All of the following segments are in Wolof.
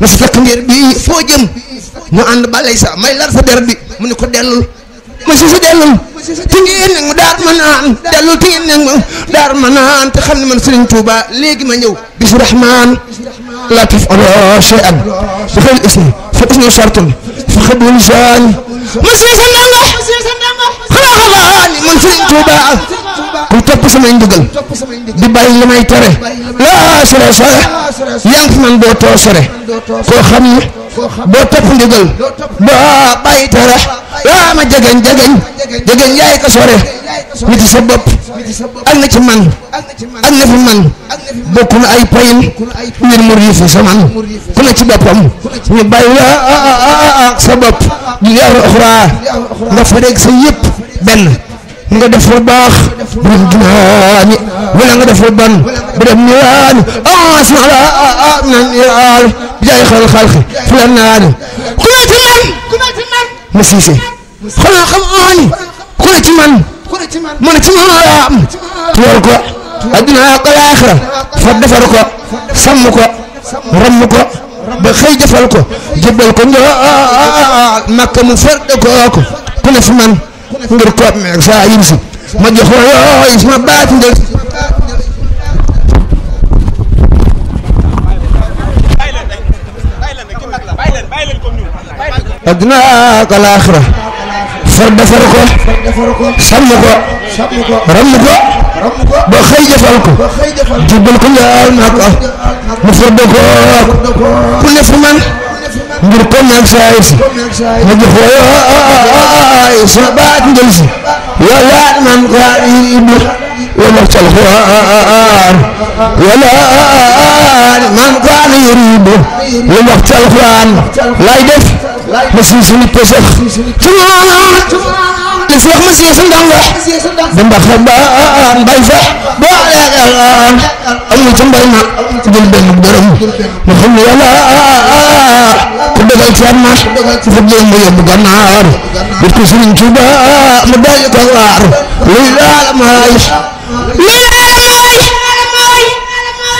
mustaq ngir bii foo jëm ñu ànd ba lay sa may lar sa der bi mu ne ko dellul ma si sa dellul ti ngeen nag mu daar ma naan dellul ti ngeen nag mu daar ma naan te xam ne man Serigne ma ñëw bisu rahman latif ala shay'an bi xel ismi fa ismi shartun fa xabul jaan ma si sa nango xalaa xalaa ni man Serigne Touba kuy topp samay ndigal di bàyyi li may tere laa sore sore yaa ngi man doo too sore koo xam ne boo topp ndigal boo bàyyi tere laa ma jegeñ jegeñ jegeñ yaay ko sore nit ci sa bopp ak na ci man ak na fi sa man ku ne ci boppam bàyyi ah, ah, ah, sa bopp di yaaru oxraa nga fareeg sa yëpp benn nga def lu baax bu dem diwaani wala nga def lu bon bu dem diwaani ah asma ala ah na diwaani jaay xool xalqi fulan naani ku ne ci man mu siise xoolal xam aani ku ne ci man mu ne ci man laa am tuwal ko adduna ko laaxira fa defar ko ku ne fi ngir koop meeg saa yim si ma jox ko yooyu sama baat ndel addinaa ak alaaxira far defar ko sàmm ko ramm ko ba xëy jëfal ko jubbal ko ñaar naa ko mu far ko ku ne fu man ngir comme nag saa yi si ma jox ko yow ah sa baat ngel si yow laat man ko iblu yow ma cal ko ah yow laat man ko an yuribu yow ma cal ko an lay def ma si suñu pesex ci li Cheikh Monsieur Sundanga Demba Xabaan bay fa bo alaagaan amul ci mbay ma jël benn dërëm mu xam ne yàlla ku dogal feet ma fu jëm mu yóbbu gannaar bit ko Sëriñ Tuuba mu doy ko waar luy laala maay laala maay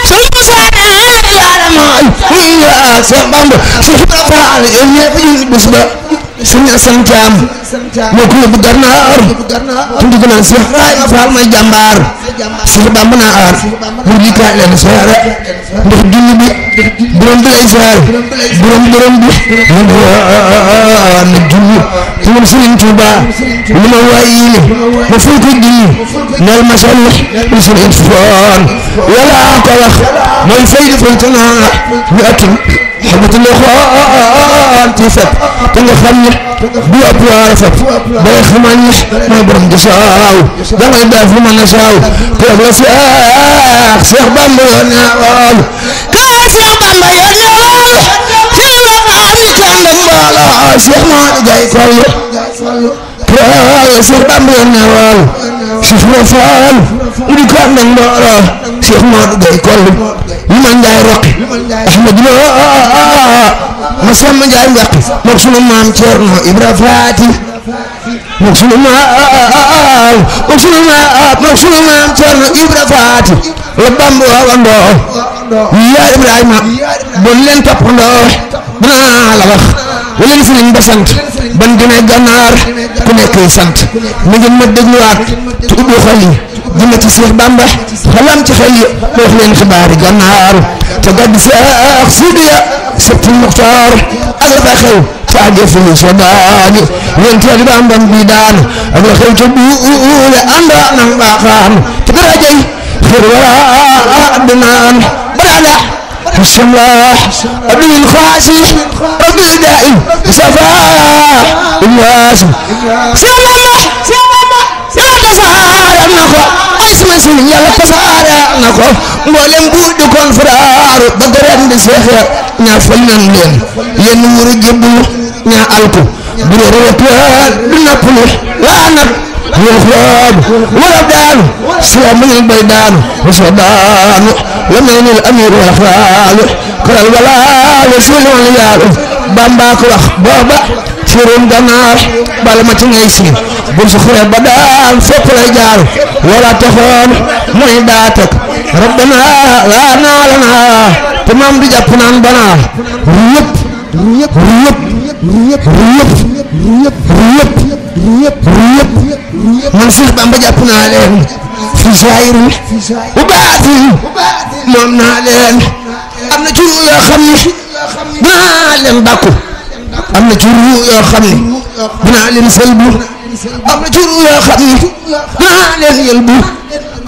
sunu musaana laala maay muy Cheikh Bamba Cheikh Ibrahima yéen ñëpp ñu bis ba sëñ Asan Caam moo ko yóbbu Gànnaar tudd naa Seex Faal may ma Seex Bàmba naa aar mu di kaay leen siyaare ndax junni bi borom bi lay siyaare borom borom bi mu ma waay yéene ma ful ko junni neel ma sonn lu Sëriñ foon wala ko wax mooy fay di fay tanaa ñu xamatuloo ko ah ah ah ah ciy fekk te nga xam ne bu ëpp waara fekk ba nga xamal ne mooy borom di saaw dangay daal fu mën a saaw toog la seex seex bàmba yoon na waaw kaa seex bàmba yoon na waaw fii ba maa fi tànn mbooloo seex maa di gay kollu toog la seex bàmba yoon na waaw seex ma faal di ko ànd ak mbooloo seex maa di gay kollu li ma njaay roqi ahmadu lo ah, ah, ah, ma sàmm njaay ngaqi mook sunu maam Ceerno Ibra Faati mook sunu maam mook sunu maam mook sunu maam Ceerno Ibra Faati la Bamba waawandoo yaa Ibrahima bon leen toppandoo dinaa la wax wala li sëriñ ba sant ban dina gànnaar ku nekk sant na ngeen ma dégluwaat te ubbi xol dina ci Cheikh Bamba xalam ci xëy wax leen xibaari gannaar te gàdd seex sidiya sëpti muxtaar ak la fa xew te àgge fulu sa daani leen teel bambam bi daan ak la xew te buule anda nan baaxaan te dara jëy xër wara dinaan barala السماح أبي الخاسي أبي الدائم شفاح الناس سماح fasaare na ko ay sama sëriñ yàlla fasaare na ko ba deret di seexee ñaa fal nan leen yéen wuru jébbulu ñaa alku bu réere watuwaat du nappalu waa nag wal xoobu wala daanu soo mënul bay daanu soo daanu la mel ni amir wala xaalu koral walaalu suuli wala yaalu bambaa wax booba cuurum ganaar bala ma ci ngay si bul su daan fépp lay jaar wala taxoon mooy daatak rabbana laa naa la di jàpp naan banaa ruyëpp ruyëpp ruyëpp ruyëpp ruyëpp ruyëpp man naa leen fi saayir bu baatin moom naa leen am na ci yoo xam ne naa leen bàkku am na ci ruu yoo xam ne dinaa leen sëlbu am na yoo xam ne dinaa leen yëlbu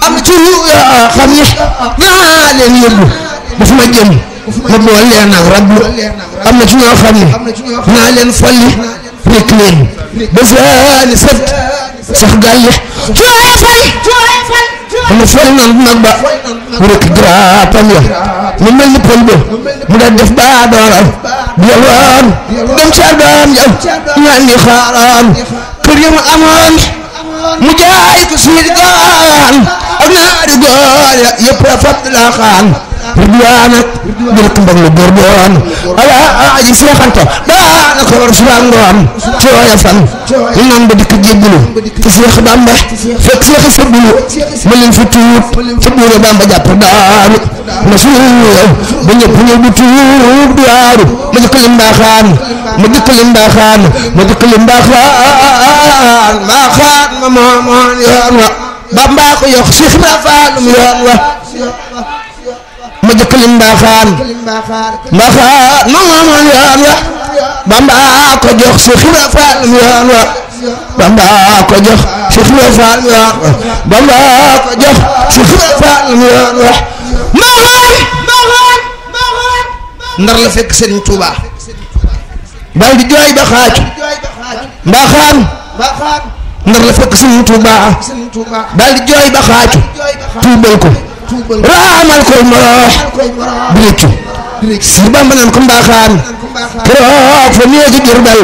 am na ci ruu yoo xam ne dinaa leen yëlbu bu fi ma jëm ma boole leen ak rabbu am na ci ñoo xam ne dinaa leen folli rek leen ba saani sët sax gàlle cooye fay am na fay nan nag ba mu rek grappam ya ni pël mu daan def ba dooral yalwaan dem ci àddaan jam ñaan di xaaraan kër yi mu amoon mu jaay ko suñu gaan ak ñaari góor yëpp la xaan ridwaana bi rek mbag lu góor boowaan ala aji seexanta daa na ko war subaa ngoon ci wooya fan ñu naan ba dikk jéggulu ci seex bamba fekk seex sa dulu ma leen fi tuut ci buure bamba jàpp daanu ma suñu yow ba ñëpp ñëw di tuut du aaru ma dikk lim mbaaxaan ma dikk lim mbaaxaan ma dikk lim mbaaxaan ma moomoon yoon wa bamba yokk seex ibra faalum yoon wa ba jëkk lim mbaaxaan mbaaxaan ma moomoon yoon wa Bamba ko jox si xira faal mi yoon wa Bamba ko jox si xira faal mi yoon wa Bamba ko jox si xira faal mi yoon wa mbaaxaan ndar la fekk Serigne Touba daal di jooy ba xaaju mbaaxaan ndar la fekk Serigne Touba daal di jooy ba xaaju tuubal ko raamal koy moroox di rëccu si Bamba naan ko mbaaxaan keroog fa néegi Jurbel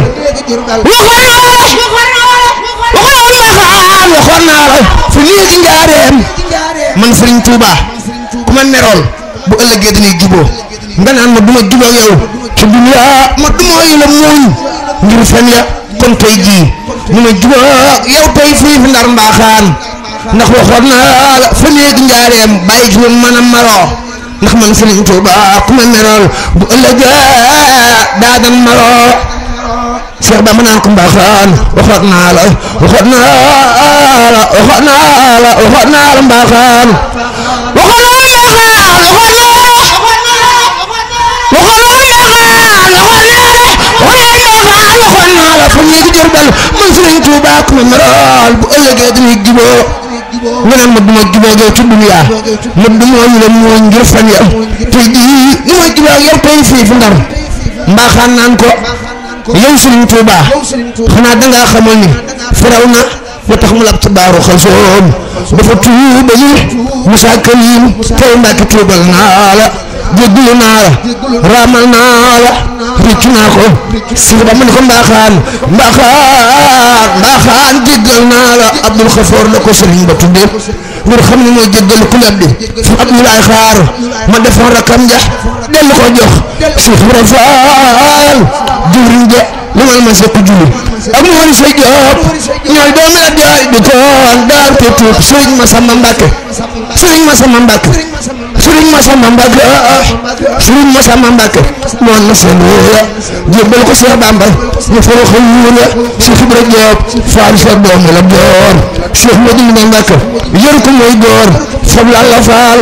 waxoon mbaaxaan waxoon naa la fa néegi njaareem man Sëriñ Tuuba ku ma nerool bu ëllëgee dañuy juboo nga naan ma duma juboo yow ci dunya ma duma yi la muuñ kon tey jii mu ne juboo yow tey fii fi ndar mbaaxaan نحن نحن نحن نحن نحن نحن نحن نحن نحن نحن نحن نحن نحن نحن سير بمنانكم باخان وخدنا على وخدنا على وخدنا على وخدنا على باخان وخلوا يا خان وخلوا وخلوا يا خان وخلوا وخلوا يا خان وخلنا على كل جربل من سنين توباكم مرال بقول لك يا دنيا الجبو nga naan ma duma jubóog yow ci dunya ma duma la mooy ngir fan yow te yii ni ma jubóog yow tey fii fi ndar mbaaxaan naan ko yow Serigne Touba xanaa dangaa xamal ni firaw na ba tax mu lab ci baaru xasoom dafa tuuba yi Musaa Karim tey Mbàkke tuubal naa la jéggalu naa la raamal naa la rëccu naa ko Sëñ Bamba ni ko mbaaxaan mbaaxaan mbaaxaan jéggal naa la Abdul Xafoor la ko Sëriñ ba tuddee ngir xam ne mooy jéggal ku lebbi fu ab ñu lay xaar ma defoon rakam ja dellu ko jox Cheikh Ibra Fall jëwriñ ja lu mal ma sekk julli ak moori sa Jóob ñooy doomi la jaay di koon daar te tuub Sëriñ Masamba Mbàkke Sëriñ Masamba Mbàkke sëriñ Masamba Mbàkke ah, ah. sëriñ Masamba Mbàkke moo na seen wóoya jébbal ko Seex Bamba ñu foro xëy wuula si xibra joob faal sa doomu la boor Cheikh Modou Mbàkke yër ko mooy góor fab la faal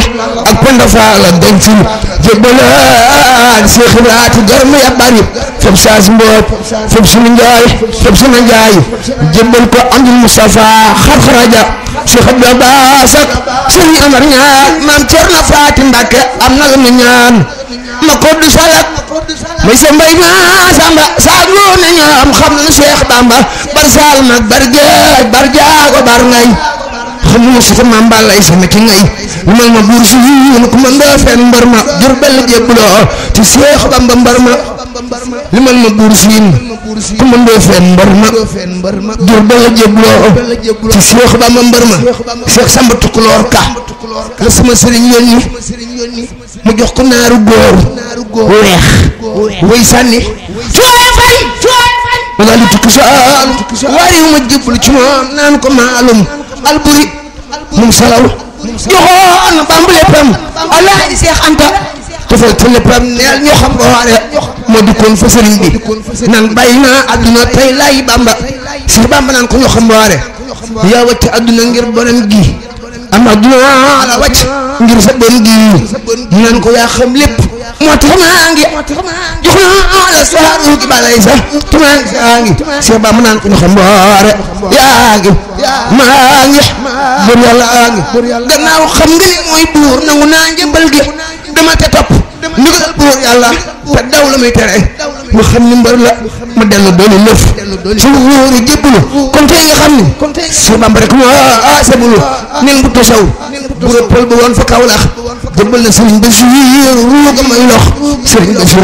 ak penda faal ak dencin jëbbalaan si xibaati garmu ya bari fab saas mboob fab njaay fab sunu njaay jëbbal ko amdul Mustafa xarxaraja si xab da baasak Amar ñaan maam Cerno Faati Mbàkke am na lu mu ñaan ma ko du salak may sa mbay ma samba saagoo na ñoom xam na Seex Bamba bar saal mag bar jeej bar jaago bar ngay xam na mu si sa maam balay ngay ñal bursu bur kumanda fen barma jurbel jur bel jeblo ci cheikh bam mbar ma limal ma bur siin ko fen barma jurbel jur bel jeblo ci cheikh bam mbar ma cheikh samba tukulor ka la sama serigne yoni mu jox ko naaru goor weex way sanni fooy fay fooy fay wala ma ci nan ko malum alburi mum salaw joxoo an bamb léppam alaaji seex anta defal fa léppam neel ñu xam ko waare moo dikkoon fa sëriñ bi nan bàyyi naa adduna tey laay bamba si bamba naan ko ñu xam waare yaa wàcc adduna ngir bonam gi am adduna la wàcc ngir sa bon gi ñu ko yaa xam lépp moo tax maa ngi jox naa la saaru ngi saa ngi Cheikh Ba mu naan ko joxe mboore yaa ngi maa ngi bur yàlla aa ngi gannaaw xam nga li mooy buur nangu naa njëmbal gi dama te topp ndigal buur yàlla te daw la muy tere mu xam ni mbër la mu dellu doonu lëf ci wóoru jébbalu kon tey nga xam ni Cheikh Bamba rek moo asebulu nen bu tosaw buur a pël bu woon fa Kawlax jëmbal na Serigne Bachir ruuga may lox Serigne Bachir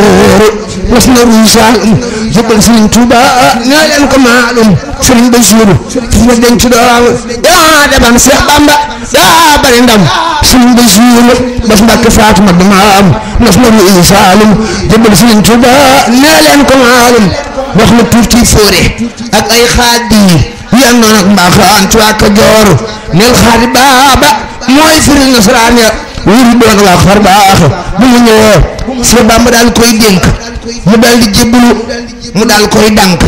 wax na ruuy Saalum jëmbal Serigne Touba nee leen ko maalum Serigne Bachir fi ma denc dooraam yaa deman Cheikh Bamba yaa bari ndam Serigne Bachir bas Mbàkke Faatuma damaam nas na ruuy Saalum jëmbal Serigne Touba nee leen ko maalum wax na tuuti fóore ak ay xaadi yi àndoon ak mbaaxaan ci waa mooy sëriñ nasaraan ya wuru doon wax far baaxe bu mu ñëwee Sëriñ Bàmba daal koy dénk mu daal di jébbalu mu daal koy dànk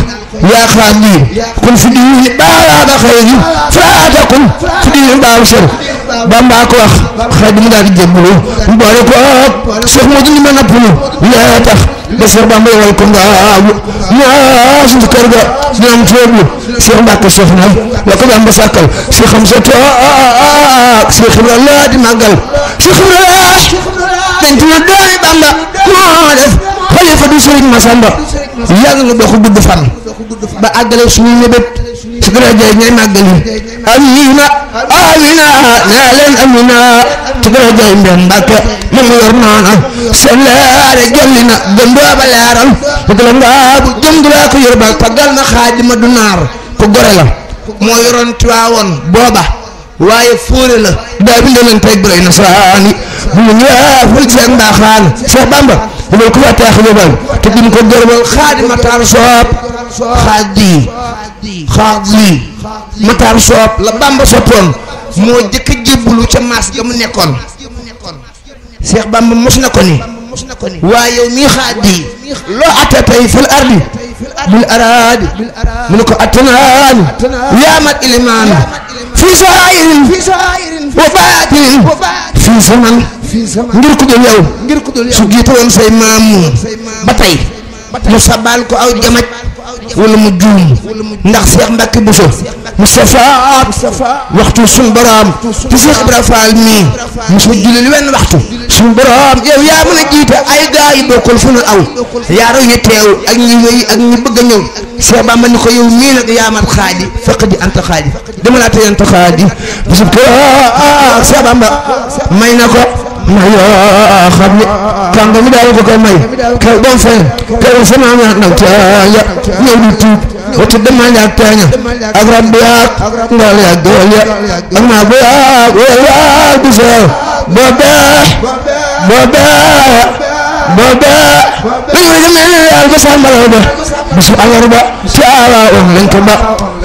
yaa xaam bii kun fi diwi baalaata xëy yi faraata kun fi diwi baalu sër Bamba ko wax xaj mu daal di mu boole ko ak Cheikh Modou li ma nappalu yaa tax ba Cheikh Bamba yowal ko ngaabu ñaa suñu kër ga ñoom foofu Cheikh Mbacke Cheikh Naye la ko Bamba sàkkal Cheikh Amsa to ak Cheikh Ibra laa di màggal Cheikh Ibra dañ ci doori Bamba moo def xalifa du Serigne Massamba yàlla nga doxu gudd fan ba àggale suñu ñebet ci dara amina nee leen amina tubara jay mbem mbàkke moom yor noona soo leere jolli na gëndoo ba leeral bëgg la ngaa bu jëndulaa ko yor ba pagal na xaaj du naar ko gore moo yoroon tuwaawoon booba waaye fóore la daa bindoo leen na saani bu mu ñëwee ful ceeg mbaaxaan Cheikh Bamba bu ko waxtee xajaban te duñ ko gërëmal xaadi mataar soob xaadi xaadi mataar soob la bamba soppoon moo jëkk a jébbalu ca maas ga mu nekkoon seex bamba mos na waaye yow loo atte tey ardi bil araadi mu ne ko attanaani yaamat ilimaanu fii saayirin wa baatinin fii zaman ngir ku dul yow. ngir ku dul yow su jiite woon say maam ba tey. mu sabal ko aw jamaj wala mu juum ndax Cheikh Mbacke Bousso Moustapha waxtu suñu borom te Cheikh Ibra Fall mii mosu julli wenn waxtu suñu borom yow yaa mën a jiite ay gaa yi bokkul fu nu aw yaa raw ñu teew ak ñi wéy ak ñi bëgg a ñëw Cheikh Bamba ni ko yow mii nag yaa mat xaaji fekk ji anta xaaji dama laa tey anta xaaji parce que Cheikh Bamba may na ko. ndax yoo xam ne kànga mi daal ko koy kay boo fay kay boo sama ma nag caaya ñëw di tuub wata ya ak naa ba bisu alarba ci aawaa ba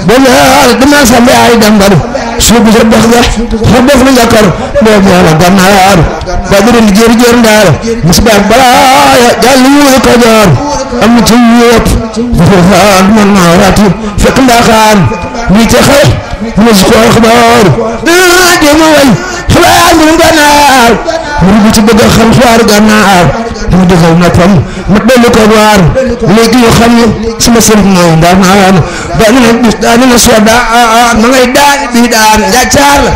boo bee dama sàmba yaay dambaru suudu seddax ga haddaf lu yakar ɓen yala gannaar badril jirjendar musɓen balaya jalluuri kajar amni tiyyot fofan man marati fekla kan wite xay musko xbar ɗaɗemo way waagul gannaaw mu di ci bëgg a xam soir gannaaw mu dugal noppam mu dellu ko waar léegi ñu xam sama sëriñ mooy ndaanaan daanina bis daanina soo daa ma ngay daan bi daan njàccaar la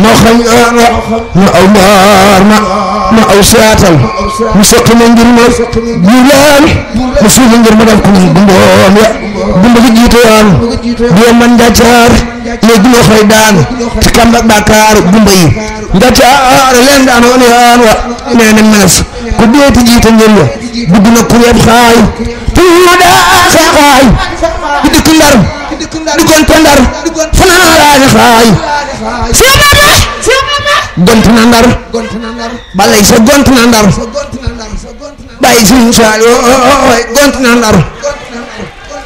moo xam ma aw maar ma ma aw saatal mu soqi ma ngir ma julaan mu suufi ngir ma daf ko gumboom ya dund ko jiite yoon di man njaccaar léegi ñoo koy daanu ci kàmb ak yi njaccaar ah, ah, leen daanoon yoon wa nee na menes ku deeti jiite njël wa dugg na ku yeb xaay tuuda sa xaay di dikk ndar duggoon te ndar fanaan laaj xaay gont na ndar balay sa gont na ndar bàyyi suñu saal oh, oh, oh, gont na ndar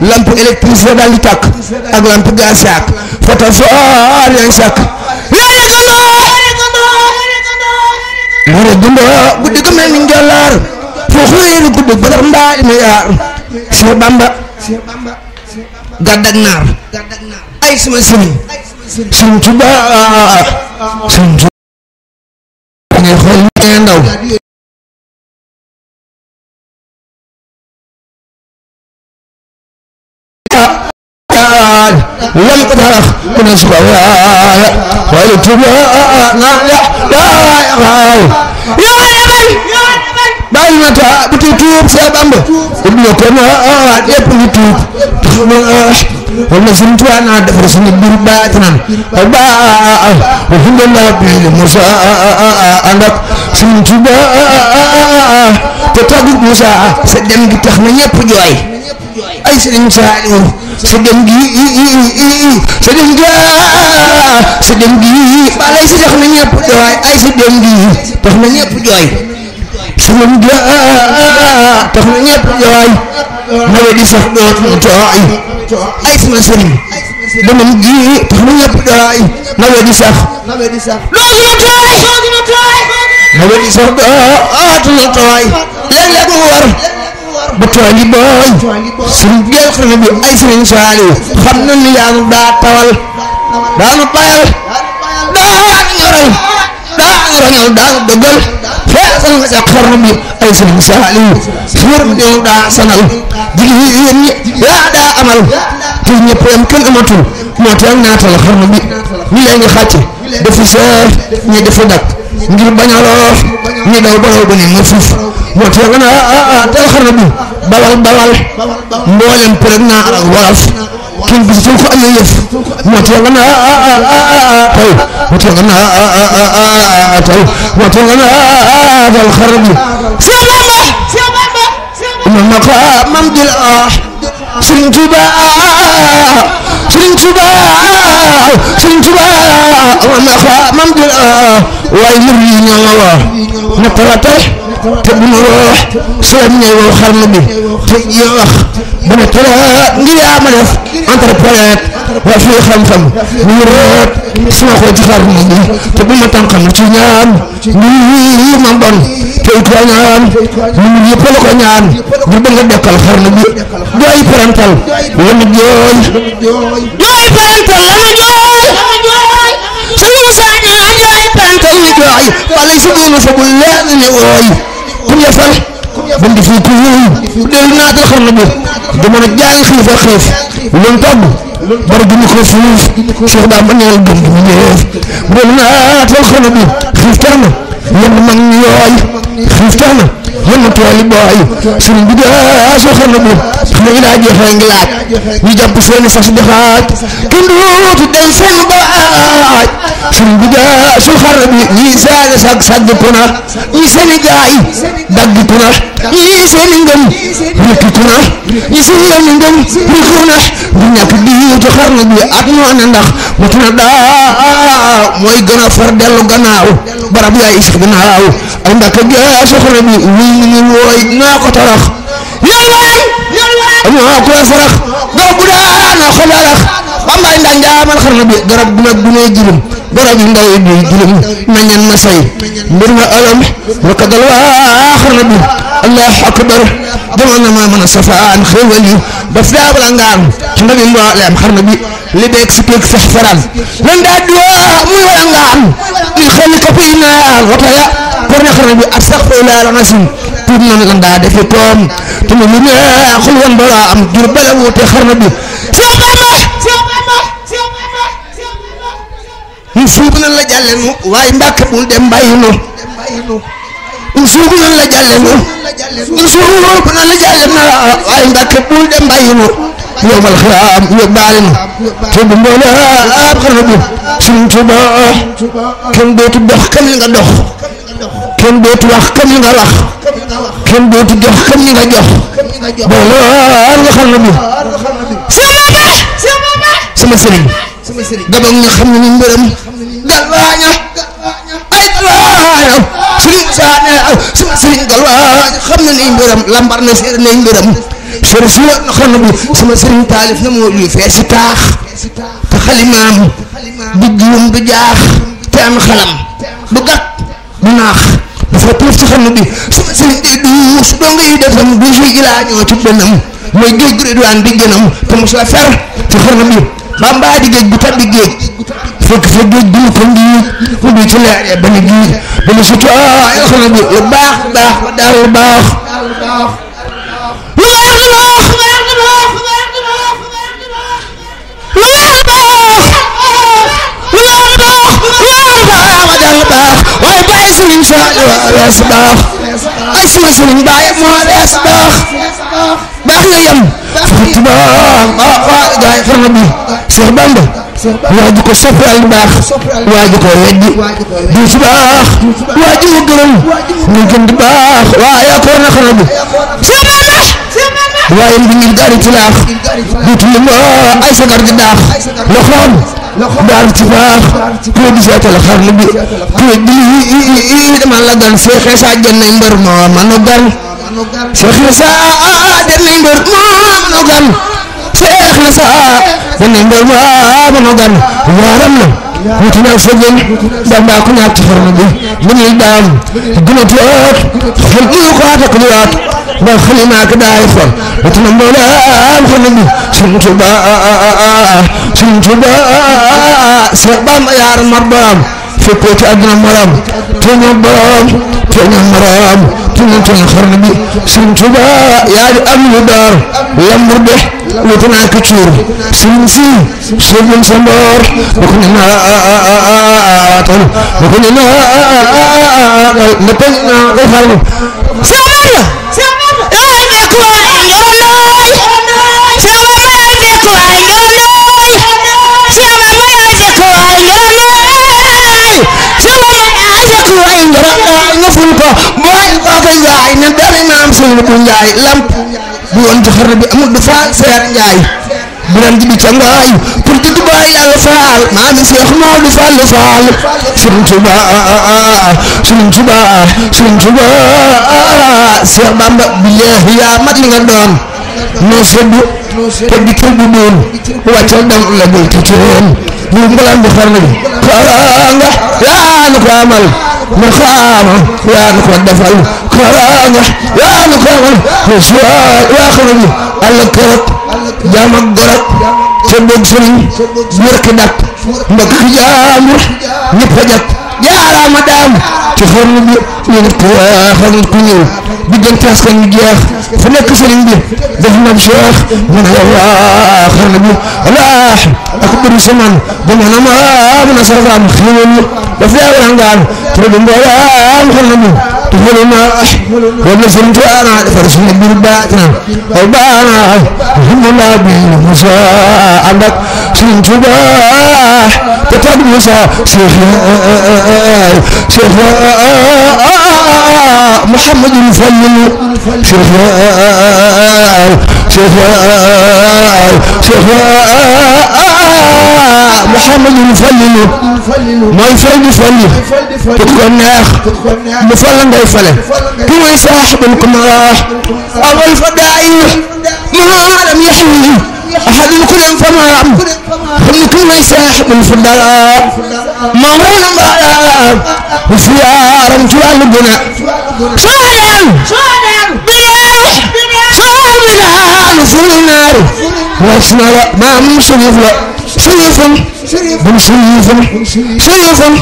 lampe électrique fa daal di tàkk ak lampe gaz saak foto foor yañ sàkk moo ne dundoo guddi ko mel ni njolloor fo xuyéeru guddi badar mbaa ina yaar Cheikh Bamba gàdd ak naar ay sama sëriñ Sëriñ Tuubaa لم ترخ من أسبوعها ولتبعنا لا يا يبي bàyyi na taa bu ci tuub see bamb ibn ko na yëpp ñu tuub wala sun tuwa naa defar suñu biir baatinan ba wa hunde la bi Musa ànd ak suñu tuba te taggu Musa sa dem gi tax na ñëpp jooy ay sëriñ Saaliw sa dem gi sa dem gi sa dem gi balay si tax na ñëpp ay sa dem gi tax na ñëpp jooy sa dem na ñëpp jooy nawet di sax dootul tooy ay sama sëriñ demam gi tax na ñëpp jooy nawet di sax nawet di sax loo gën a di sax dootul tooy léeg-léeg mu war ba taalibaay suñu géej xarala bi ay sëriñ Saaliw xam na ni yaanu daa tawal daanu bayal daanu ñoral daanu rañal daanu dëggal feesal nga ca bi ay sëriñ Saaliw suur bi yow daa sanal jigéen ñi yaa daa amal te ñëpp yam kenn amatul moo tax naatal xarala bi ñu yaa ngi xàcce dafa seer ñi dafa dakk ngir bañ a lor ñu daw balaw ba ni ma fuuf moo tax nga naa balal balal mboolem përëg naa ak waraf kenn du si ko amee yëf moo tax nga naa ah ah ah taw moo tax nga naa ah ah ah taw moo tax nga naa ah ah ah taw xar na bu ma ma Sëriñ Tuuba Sëriñ Tuuba mam di waaye mbir yi ñoo ma woo na talatal te bu ma woo sëriñ ñooy woo xarnu bi te yow wax ba ne tala ngir yaa ma def entrepreneur waa fii xam-xam ñu rëpp su ma ko joxaat nit ñi te bu ma tam xam ci ñaan ñu ma bon te it ko ñaan ñun ñëpp la ko ñaan ñu bëgg a dekkal xarnu bi jooy parental la mu jooy jooy parental la mu jooy suñu musaa ñaan jooy parental la jooy wala suñu musaa bu leen ne ooy ku ñu fal bu ndi fii ku dellu naatal xarnu bi dama jaay xiif a xiif lu mu togg bari duñu ko fuuf Cheikh Bamba neel dund mu ñëw boobu naatal xol bi xiif tax na yenn mag ñi yooy xiif tax na mën na tool yi booy suñ bi daa ah, soo xam ne moom xam nga daa joxe ngi laaj ñu jàpp seeni sas di xaaj kenn dootu dem fenn ba aaj suñ bi daa ah, soo xam ne bi ñii saane sag sag ku na ñii seeni gaay dagg ku na ñii seeni ngëm rëkk ku na ñii seeni ngëm rëkk ku na du ñàkk diitu xar na bi at mu ànd ndax mu tuna daa mooy gën a far dellu gannaaw barab yaay sax gannaaw ay ndaka soxna bi ñu ñu wooy naa ko tarax yàllaay amoo ku weer farax garab bu daana xodarax bambaay ndaa njaamal xarna bi garab bu mag bu nee jilim garab yi ndaw yi duy jilim nañan na say mbir ma alam wakadal waa xarna bi allah akbar demoon na maa mën a safaan xéewal yi daf daa bala ngaam ci ndabi mbooleem xarna bi li beeg si peeg fex faraan lan daa duwaa muy wala ngaam li xel ko fi naan wataya kon nag xarala bi ab sax fooy laal na si tuub nañ lan daa defi koom te lu neexul woon balaa am jur bala wuute xarala bi. ñun suub nañ la jàlle nu waaye mbàkk bul dem bàyyi nu ñun suub nañ la jàlle nu ñun suub nañ la jàlle nu waaye mbàkk bul dem bàyyi nu yowmal xiyaam yóbbaale nu te bu mboola ab xarala bi suñ tuba kenn dootu dox kam li nga dox kenn dootu wax kam li nga wax kenn dootu jox kam li nga jox ba lool nga xam ne bi sama sëriñ gabam nga xam ne ni mbërëm galwaaña ay galwaaña sëriñ saane sama xam ne ni mbërëm lambar na seer ne mbërëm sëriñ si taalif na moo luy feesi taax te xalimaam du juum du jaax te am xalam du gàtt naax rek lëf ci xarnu bi su ma sëriñ day duus dong yi suy ilaa ñoo ci dënam mooy géej gu rédwaan di gënam te mos la fer ci xarnu bi bambaa di géej gu tabbi géej fekk fa géej gu ko ngii ci leeree ba ni gii ba mu sutu ay xarnu bi lu baax baax ba daal lu baax lu baax lu baax sëriñ Saaliw moo lees baax ak sama sëriñ Baay moo lees baax baax nga yem fukki ba waa gaay xam nga bi Cheikh Bamba waaju ko soppi al baax waaju ko weddi du ci baax waaju ko gërëm ñu gën di baax waa yaa ko na xana bi waaye mbi ngir gaari ci laax duutu lu ay sagar di daax loxoom daal ci baax kuréel seetal xarnu bi kuréel bi i dama la gan Cheikh Issa jëndee mbër moo ma nu gan Cheikh Issa jëndee mbër moo ma nu gan Cheikh Issa jëndee mbër moo ma nu gan waaram na wutina fogel damba ko ñaati farna bi mini dam gëna tuat xol yu ko ata ko ba xalima ka daay fon wutina mola am xol bi sun tuba sun tuba se bam yar marbam fekko ci aduna maram te ñom borom te ñom maram te ñom xarna bi sun tuba yaa di am lu dar lamur de xin xin xin xin xin Lieutenant Couture Sinsi Sibling Sambor xin na Atol Bukunin na Lepeng na Lepeng xin dia? Siapa dia? Eh, dia kuat Ngafun ko, buhay ko kay Yay, nandari na ang sino kong Yay, lamp bu yoon ci xar bi amul du faal seer njaay bu leen bi ca ngaay pour di faal maa seex moo du faal faal Sëriñ Tuuba Sëriñ Tuuba Seex Bamba billaahi yaa mat li nga doon noo seddu te di kër bu doon dam la gul ci ceen mu mbalaan bu xar yaa nu ko مقامه يا نكون دفل كرامه يا نكون رسوان واخرج الكرب جام الدرب تبوك سري مركدك مكجام نفجك يا رمضان تخرج من الكواخر الكنيو بدل تحسن الجياخ فلك سرين بي ذهن بشيخ من الواخر نبي راح أكبر سمان بمعنى ما بنا سرطان خيوني بسيارة عن تردم بلام حلمي تقول ما ولا سنت أنا فرش من الباتنا البانا الحمد لله بين عندك سنت باح تتعب موسى شيخ محمد الفلل شيخ شيخ شيخ محمد الفلل موي فاي دي فل تكون ناخ مفل ngay falé صاحب القماح ابو الفدائي ما لم يحوي احد الكل فما رم كوي صاحب الفداء مولى المعلى في عالم جوال البناء شادل بروح شادل نزول النار واسمع ما مش يفلق 兄弟们。bul shariifun shariifun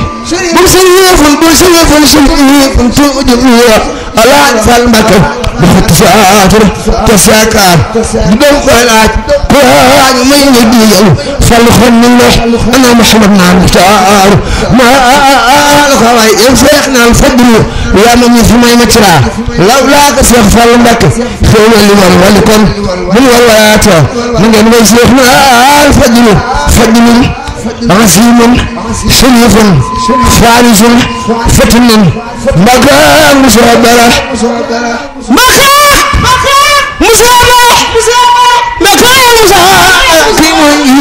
bul shariifun bul shariifun shariifun tuujibuya alaa fal makka dafa tasaatur tasaakaar di doon koy laaj ku laaj may nga di yow fal xon ni ne ana Muhammad naa muxtaar ma la ko waay yow feex naan fadru yaa ma ñu fi may ma tiraa law laa ko feex fal mbakk xëy na li war wali kon bul war walaatoo mu ngeen may seex naan fadru fadru عزيم شريف فارس فتن مقام مصابرة مقام مصابرة مقام مصابرة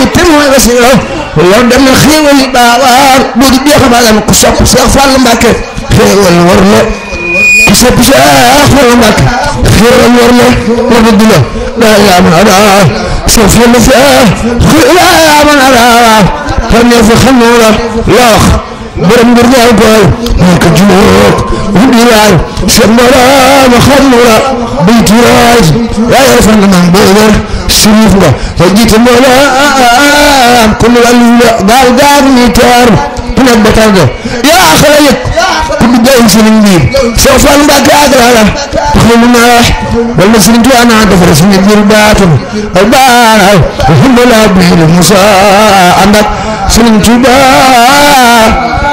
يتم ويغسره وردم الخيول باوار بود بيخ بالم كسب شيخ فالمك خيول ورمه كسب شيخ فالمك خيول ورمه وردنا لا يا مرحبا سلسلة يا من أرى فليفخ النور لخ برم برجع بال ملك الجنود والبلاد شمرا مخمرا بالتراج لا يفن من بيدر شريف له فجيت المولى كل الألوة قال قال ميتار nekk ba tàggoo yaa xala yëg ku dugg ay sëriñ biir soo fan mbàkk àggal la taxaw lu naa wax wala sëriñ tuwaa naa defar suñu biir baatam baaw xumala biir Musa ànd ak sëriñ Tuuba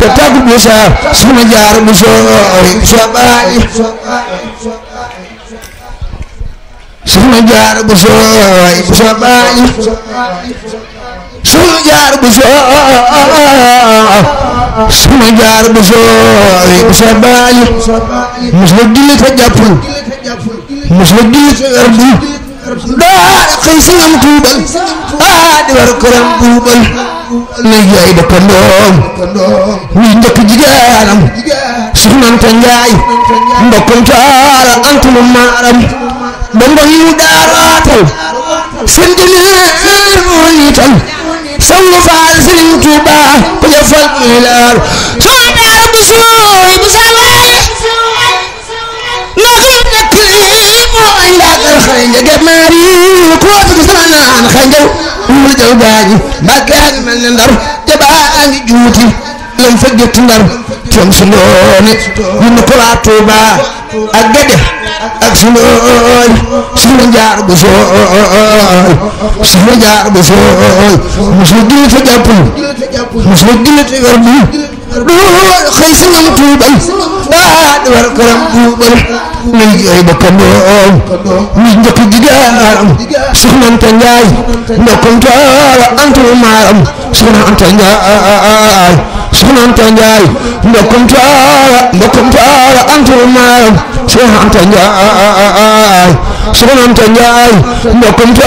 te tàgg bu sa suñu jaar bu sooy sa baay suñu jaar bu sooy sa baay sunu jaar bu soo ah, ah, ah, sunu jaar bu soo sa baali mos la julli te jàppul mos la julli te werdul daa xëy tuubal aa war këram buubal na jaay da kandoom muy njëkk jigéenam soxnante njaay mbokkam taala antulu maaram ba mbon yu daaraatal seen jëneer moo niital سوف أرسل توبا بجفل إلار توبا بسوء بسوء نقل نكلم إلى الخنجة جماري قوة بسرنا عن خنجة ورجل باجي بكان من النار جبان جوتي لم فجت النار تمسلوني من قرى توبا أجده ak sunu sunu jaar bu sooy sunu jaar bu sooy mosul jullit a jàppul mosul jullit a yor bu du xëy si ñoom tuubal ah di war këram tuubal nañ yooyu ba kandoom ñu njëkk jigéenam soxna Anta Njaay ndokkum tool antu maaram soxna Anta Njaay soxna Anta Njaay ndokkum tool ndokkum tool antu maaram Cheikh Anta Ndiaye ah, ah, ah, Soxna Anta Ndiaye mbokkum to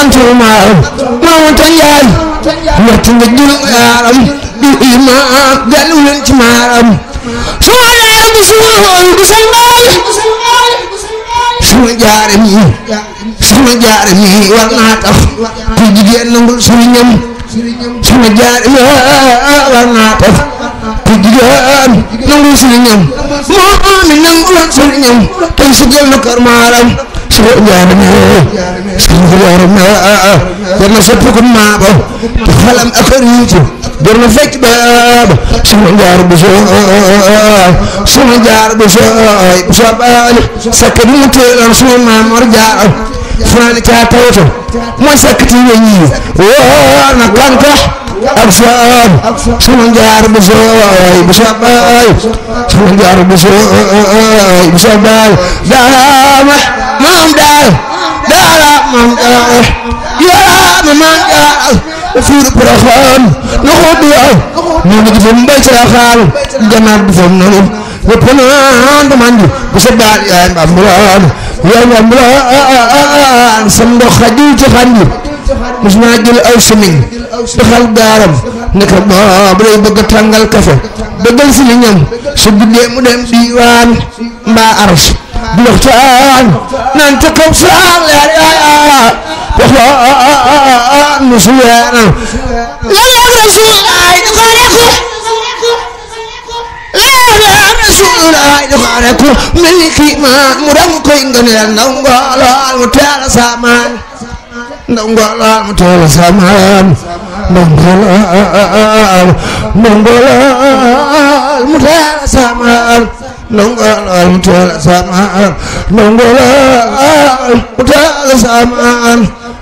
antu maaram Maam Anta Ndiaye ñett nga jul yaaram du imaam galu leen ci maaram suma jaar mi suma hoon du sangaal suma jaar mi suma jaar mi war naa tax ku jigéen nangul suriñam suma jaar mi war naa tax ku jigéen nangu suñu ñam moo mi nangu lan suñu ñam tey sigel na kër maaram suñu jaarame suñu jaarame yar na soppi ko maaba te xalam ak riitu jar na fecc baaba suñu jaar bu sooy suñu jaar bu sooy sobaali sakk bi mu teelan suñu maam war jaar fanaani caa mooy sakk ti weñi woo na kankax ak sa aay sama njaar bu sa aay bu sa baay sama njaar bu sa aay bu sa baay daa ma maam daal daala maam daal yaa ma maam daal fiir Porokhane na ko duwaw ñu ngi fa mbay ci raxaal ganaar bu fam noonu lépp naan man di bu sa baal yaay ma ambulaan yaay ma ambulaan sam ndox xajul ci xandir mos naa jël aw simiñ taxal gaaram ne ko boobu day bëgg a tàngal kafe dëggal simiñam su guddee mu dem diiwaan mbaa arsh di waxtaan naan ca kaw saan leer nu su weena lanaag rasuulaay di xaareku di xaareku mel ni kii maan mu dam koy ngëneel ndaw mboolool mu teel a ndongolaam tool samaam ndongolaam ndongolaam tool samaam ndongolaam tool samaam ndongolaam tool samaam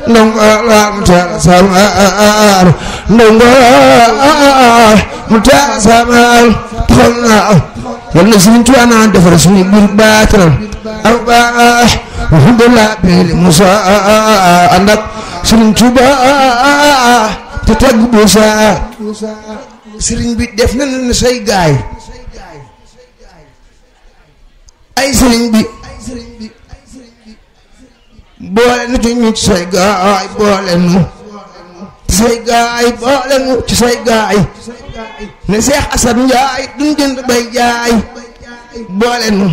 ndongolaam tool samaam ndongolaam tool samaam taxaw naa yal na suñu tuwaa naa defar suñu biir baatinam aw baax alhamdulillah bi musa ànd ak Serigne Touba te teg Moussa Serigne bi def na ne say gaay ay Serigne bi boole nu ci ñu ci say gaay boole nu ci say gaay boole nu ci say gaay ne Cheikh Assane Ndiaye duñ jënd bay jaay boole nu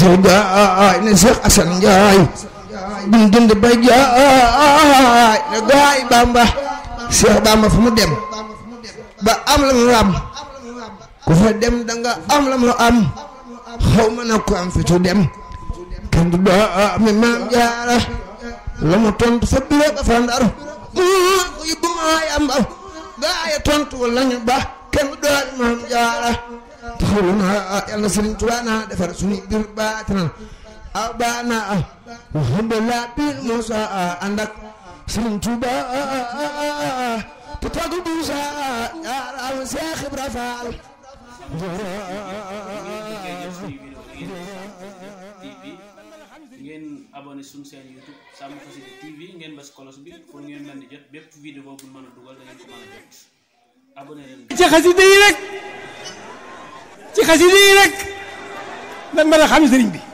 sëñ jaay ne Seex Asan Njaay bu ba jaay ne gaay Bamba Seex Bamba fu mu dem ba am la mu am ku fa dem danga am la mu am xaw ma na ko am fi tu dem kenn du doo maam jaara la mu tontu fa biro ba fa ndar muur ko yibbu maa yamba gaay a tontu walla ñu ba kenn du doo maam jaara te xëy na ah, yàlla na Sëriñ Tuubaa naa defar suñu biir baatinan aw baana ah, ah. alhamdulilah biir Moussa ah, ànd ak Sëriñ Tuubaa te tàggu Moussa yaaram Seex Ibra Faal ngeen abonné suñu seen YouTube Sàmm Xasida TV ngeen bës kolos bi pour ngeen mën di jot bépp vidéo bu mën a dugal da ngeen ko mën a jot abonné leen ci xasida yi rek ci xasi yi rek man mën a xam sëriñ bi